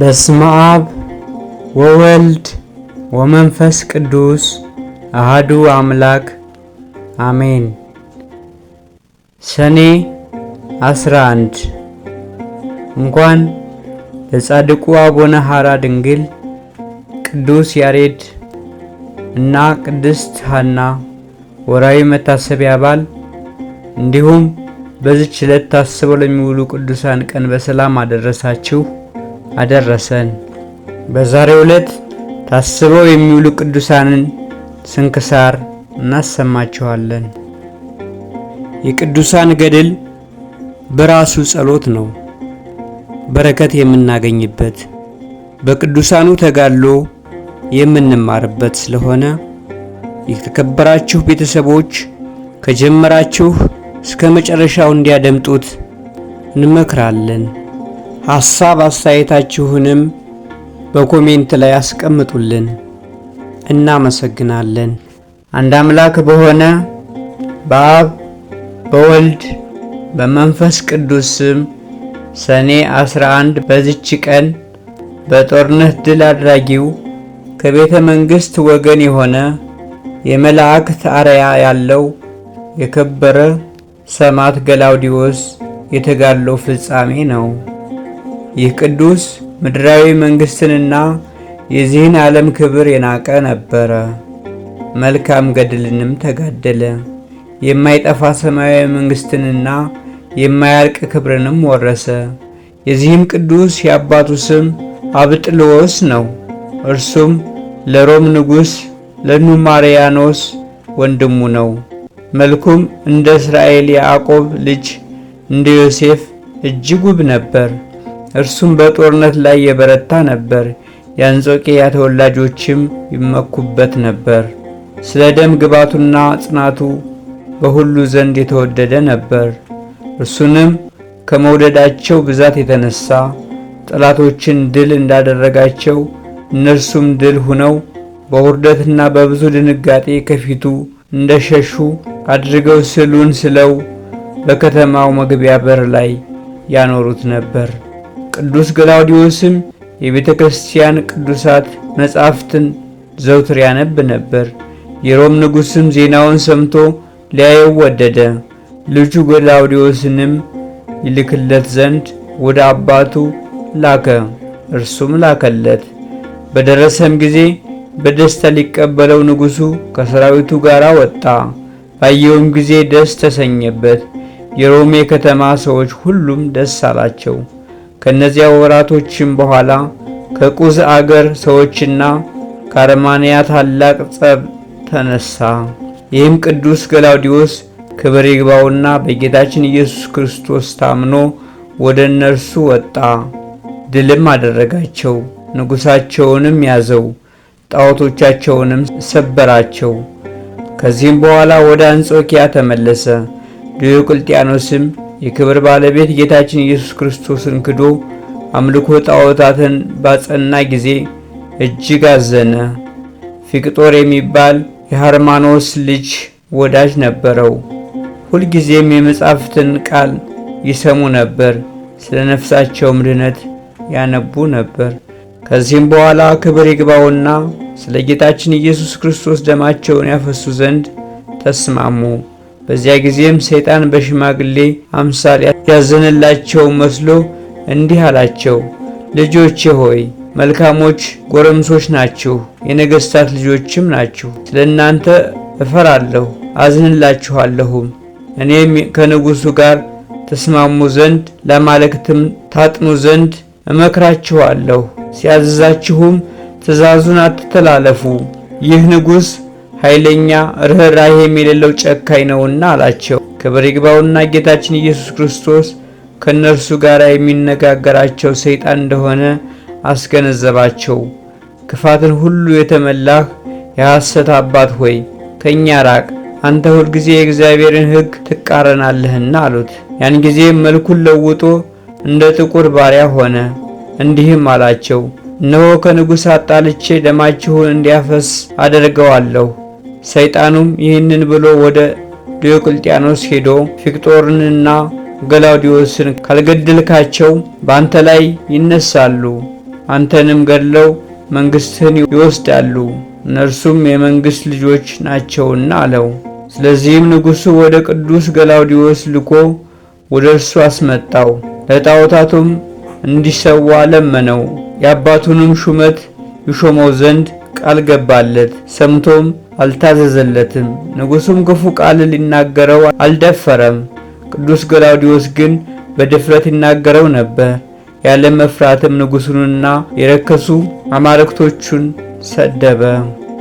በስመ አብ ወወልድ ወመንፈስ ቅዱስ አሃዱ አምላክ አሜን። ሰኔ 11 እንኳን ለጻድቁ አቡነ ሐራ ድንግል ቅዱስ ያሬድ እና ቅድስት ሐና ወራዊ መታሰቢያ በዓል እንዲሁም በዚች ዕለት ታስበው ለሚውሉ ቅዱሳን ቀን በሰላም አደረሳችሁ። አደረሰን። በዛሬው ዕለት ታስበው የሚውሉ ቅዱሳንን ስንክሳር እናሰማችኋለን። የቅዱሳን ገድል በራሱ ጸሎት ነው፣ በረከት የምናገኝበት በቅዱሳኑ ተጋድሎ የምንማርበት ስለሆነ የተከበራችሁ ቤተሰቦች ከጀመራችሁ እስከ መጨረሻው እንዲያደምጡት እንመክራለን። ሐሳብ አስተያየታችሁንም በኮሜንት ላይ አስቀምጡልን። እናመሰግናለን። አንድ አምላክ በሆነ በአብ በወልድ በመንፈስ ቅዱስ ስም ሰኔ 11 በዚች ቀን በጦርነት ድል አድራጊው ከቤተ መንግሥት ወገን የሆነ የመላእክት አርያ ያለው የከበረ ሰማዕት ገላውዲዮስ የተጋድሎ ፍጻሜ ነው። ይህ ቅዱስ ምድራዊ መንግሥትንና የዚህን ዓለም ክብር የናቀ ነበረ። መልካም ገድልንም ተጋደለ። የማይጠፋ ሰማያዊ መንግሥትንና የማያልቅ ክብርንም ወረሰ። የዚህም ቅዱስ የአባቱ ስም አብጥልዎስ ነው። እርሱም ለሮም ንጉሥ ለኑማርያኖስ ወንድሙ ነው። መልኩም እንደ እስራኤል ያዕቆብ ልጅ እንደ ዮሴፍ እጅግ ውብ ነበር። እርሱም በጦርነት ላይ የበረታ ነበር። የአንጾኪያ ተወላጆችም ይመኩበት ነበር። ስለ ደም ግባቱና ጽናቱ በሁሉ ዘንድ የተወደደ ነበር። እርሱንም ከመውደዳቸው ብዛት የተነሳ ጠላቶችን ድል እንዳደረጋቸው እነርሱም ድል ሁነው በውርደትና በብዙ ድንጋጤ ከፊቱ እንደሸሹ አድርገው ስዕሉን ስለው በከተማው መግቢያ በር ላይ ያኖሩት ነበር። ቅዱስ ገላውዲዮስም የቤተ ክርስቲያን ቅዱሳት መጻሕፍትን ዘውትር ያነብ ነበር። የሮም ንጉሥም ዜናውን ሰምቶ ሊያየው ወደደ። ልጁ ገላውዲዮስንም ይልክለት ዘንድ ወደ አባቱ ላከ። እርሱም ላከለት። በደረሰም ጊዜ በደስታ ሊቀበለው ንጉሡ ከሰራዊቱ ጋር ወጣ። ባየውም ጊዜ ደስ ተሰኘበት። የሮሜ ከተማ ሰዎች ሁሉም ደስ አላቸው። ከእነዚያ ወራቶችም በኋላ ከቁዝ አገር ሰዎችና ከአርማንያ ታላቅ ጸብ ተነሳ። ይህም ቅዱስ ገላውዲዮስ ክብር ይግባውና በጌታችን ኢየሱስ ክርስቶስ ታምኖ ወደ እነርሱ ወጣ፣ ድልም አደረጋቸው። ንጉሳቸውንም ያዘው፣ ጣዖቶቻቸውንም ሰበራቸው። ከዚህም በኋላ ወደ አንጾኪያ ተመለሰ። ዲዮቅልጥያኖስም የክብር ባለቤት ጌታችን ኢየሱስ ክርስቶስን ክዶ አምልኮ ጣዖታትን ባጸና ጊዜ እጅግ አዘነ። ፊቅጦር የሚባል የሃርማኖስ ልጅ ወዳጅ ነበረው። ሁልጊዜም የመጻሕፍትን ቃል ይሰሙ ነበር፣ ስለ ነፍሳቸውም ድነት ያነቡ ነበር። ከዚህም በኋላ ክብር ይግባውና ስለ ጌታችን ኢየሱስ ክርስቶስ ደማቸውን ያፈሱ ዘንድ ተስማሙ። በዚያ ጊዜም ሰይጣን በሽማግሌ አምሳል ያዘነላቸው መስሎ እንዲህ አላቸው፣ ልጆቼ ሆይ መልካሞች ጎረምሶች ናችሁ፣ የነገሥታት ልጆችም ናችሁ። ስለ እናንተ እፈራለሁ አዝንላችኋለሁም። እኔም ከንጉሡ ጋር ተስማሙ ዘንድ ለማለክትም ታጥኑ ዘንድ እመክራችኋለሁ። ሲያዝዛችሁም ትእዛዙን አትተላለፉ። ይህ ንጉሥ ኃይለኛ ርኅራኄም የሌለው ጨካኝ ነውና አላቸው። ክብር ይግባውና ጌታችን ኢየሱስ ክርስቶስ ከእነርሱ ጋር የሚነጋገራቸው ሰይጣን እንደሆነ አስገነዘባቸው። ክፋትን ሁሉ የተመላህ የሐሰት አባት ሆይ ከእኛ ራቅ፣ አንተ ሁልጊዜ የእግዚአብሔርን ሕግ ትቃረናለህና አሉት። ያን ጊዜም መልኩን ለውጦ እንደ ጥቁር ባሪያ ሆነ። እንዲህም አላቸው፣ እነሆ ከንጉሥ አጣልቼ ደማችሁን እንዲያፈስ አደርገዋለሁ ሰይጣኑም ይህንን ብሎ ወደ ዲዮቅልጥያኖስ ሄዶ ፊቅጦርንና ገላውዲዮስን ካልገድልካቸው በአንተ ላይ ይነሳሉ፣ አንተንም ገድለው መንግሥትህን ይወስዳሉ፣ እነርሱም የመንግሥት ልጆች ናቸውና አለው። ስለዚህም ንጉሡ ወደ ቅዱስ ገላውዲዮስ ልኮ ወደ እርሱ አስመጣው። ለጣዖታቱም እንዲሰዋ ለመነው። የአባቱንም ሹመት ይሾመው ዘንድ ቃል ገባለት፣ ሰምቶም አልታዘዘለትም። ንጉሡም ክፉ ቃል ሊናገረው አልደፈረም። ቅዱስ ገላውዲዮስ ግን በድፍረት ይናገረው ነበር። ያለ መፍራትም ንጉሡንና የረከሱ አማልክቶቹን ሰደበ።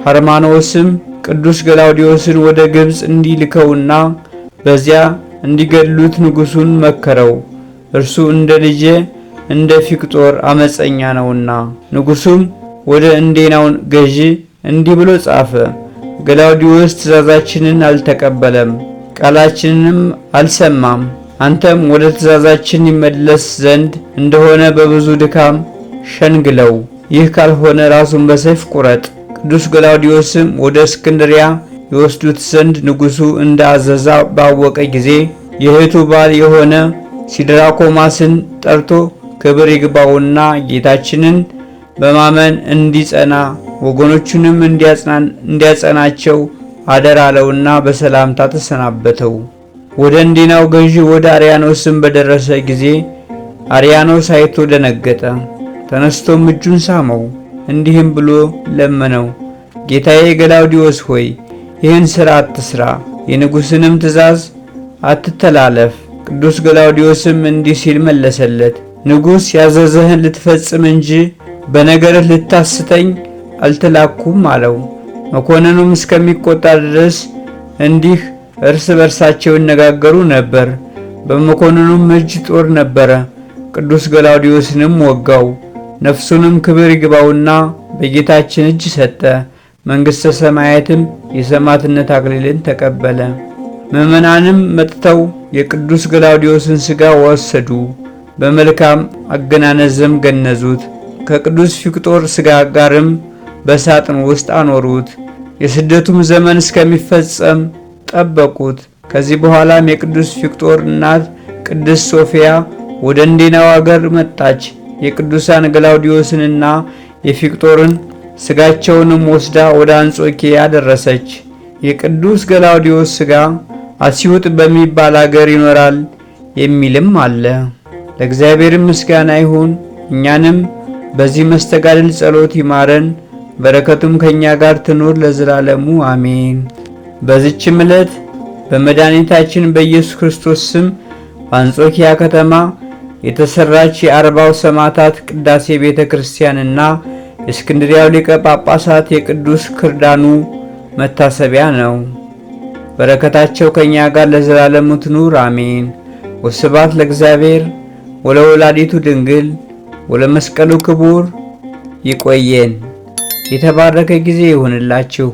ሃርማኖስም ቅዱስ ገላውዲዮስን ወደ ግብፅ እንዲልከውና በዚያ እንዲገድሉት ንጉሡን መከረው፣ እርሱ እንደ ልጄ እንደ ፊቅጦር አመፀኛ ነውና። ንጉሡም ወደ እንዴናውን ገዢ እንዲህ ብሎ ጻፈ። ገላውዲዮስ ትእዛዛችንን አልተቀበለም፣ ቃላችንንም አልሰማም። አንተም ወደ ትእዛዛችን ይመለስ ዘንድ እንደሆነ በብዙ ድካም ሸንግለው፣ ይህ ካልሆነ ራሱን በሰይፍ ቁረጥ። ቅዱስ ገላውዲዮስም ወደ እስክንድሪያ ይወስዱት ዘንድ ንጉሡ እንደ አዘዛ ባወቀ ጊዜ የእህቱ ባል የሆነ ሲድራኮማስን ጠርቶ ክብር ይግባውና ጌታችንን በማመን እንዲጸና ወገኖቹንም እንዲያጸናቸው አደራለውና በሰላምታ ተሰናበተው። ወደ እንዲናው ገዢ ወደ አርያኖስም በደረሰ ጊዜ አርያኖስ አይቶ ደነገጠ። ተነስቶም እጁን ሳመው፣ እንዲህም ብሎ ለመነው፣ ጌታዬ ገላውዲዮስ ሆይ ይህን ሥራ አትሥራ፣ የንጉሥንም ትእዛዝ አትተላለፍ። ቅዱስ ገላውዲዮስም እንዲህ ሲል መለሰለት፣ ንጉሥ ያዘዘህን ልትፈጽም እንጂ በነገርህ ልታስተኝ አልተላኩም አለው። መኮንኑም እስከሚቆጣ ድረስ እንዲህ እርስ በርሳቸው ይነጋገሩ ነበር። በመኮንኑም እጅ ጦር ነበረ። ቅዱስ ገላውዲዮስንም ወጋው። ነፍሱንም ክብር ይግባውና በጌታችን እጅ ሰጠ። መንግሥተ ሰማያትም የሰማዕትነት አክሊልን ተቀበለ። ምዕመናንም መጥተው የቅዱስ ገላውዲዮስን ሥጋ ወሰዱ፣ በመልካም አገናነዘም ገነዙት። ከቅዱስ ፊቅጦር ሥጋ ጋርም በሳጥን ውስጥ አኖሩት። የስደቱም ዘመን እስከሚፈጸም ጠበቁት። ከዚህ በኋላም የቅዱስ ፊቅጦር እናት ቅድስት ሶፊያ ወደ እንዴናው አገር መጣች። የቅዱሳን ግላውዲዮስንና የፊቅጦርን ሥጋቸውንም ወስዳ ወደ አንጾኪያ ደረሰች። የቅዱስ ገላውዲዮስ ሥጋ አሲውጥ በሚባል አገር ይኖራል የሚልም አለ። ለእግዚአብሔር ምስጋና ይሁን እኛንም በዚህ መስተጋድል ጸሎት ይማረን፣ በረከቱም ከእኛ ጋር ትኑር ለዘላለሙ አሜን። በዚችም ዕለት በመድኃኒታችን በኢየሱስ ክርስቶስ ስም በአንጾኪያ ከተማ የተሰራች የአርባው ሰማዕታት ቅዳሴ ቤተ ክርስቲያንና የእስክንድሪያው ሊቀ ጳጳሳት የቅዱስ ክርዳኑ መታሰቢያ ነው። በረከታቸው ከእኛ ጋር ለዘላለሙ ትኑር አሜን። ወስባት ለእግዚአብሔር ወለወላዲቱ ድንግል ወለመስቀሉ ክቡር ይቆየን። የተባረከ ጊዜ ይሁንላችሁ።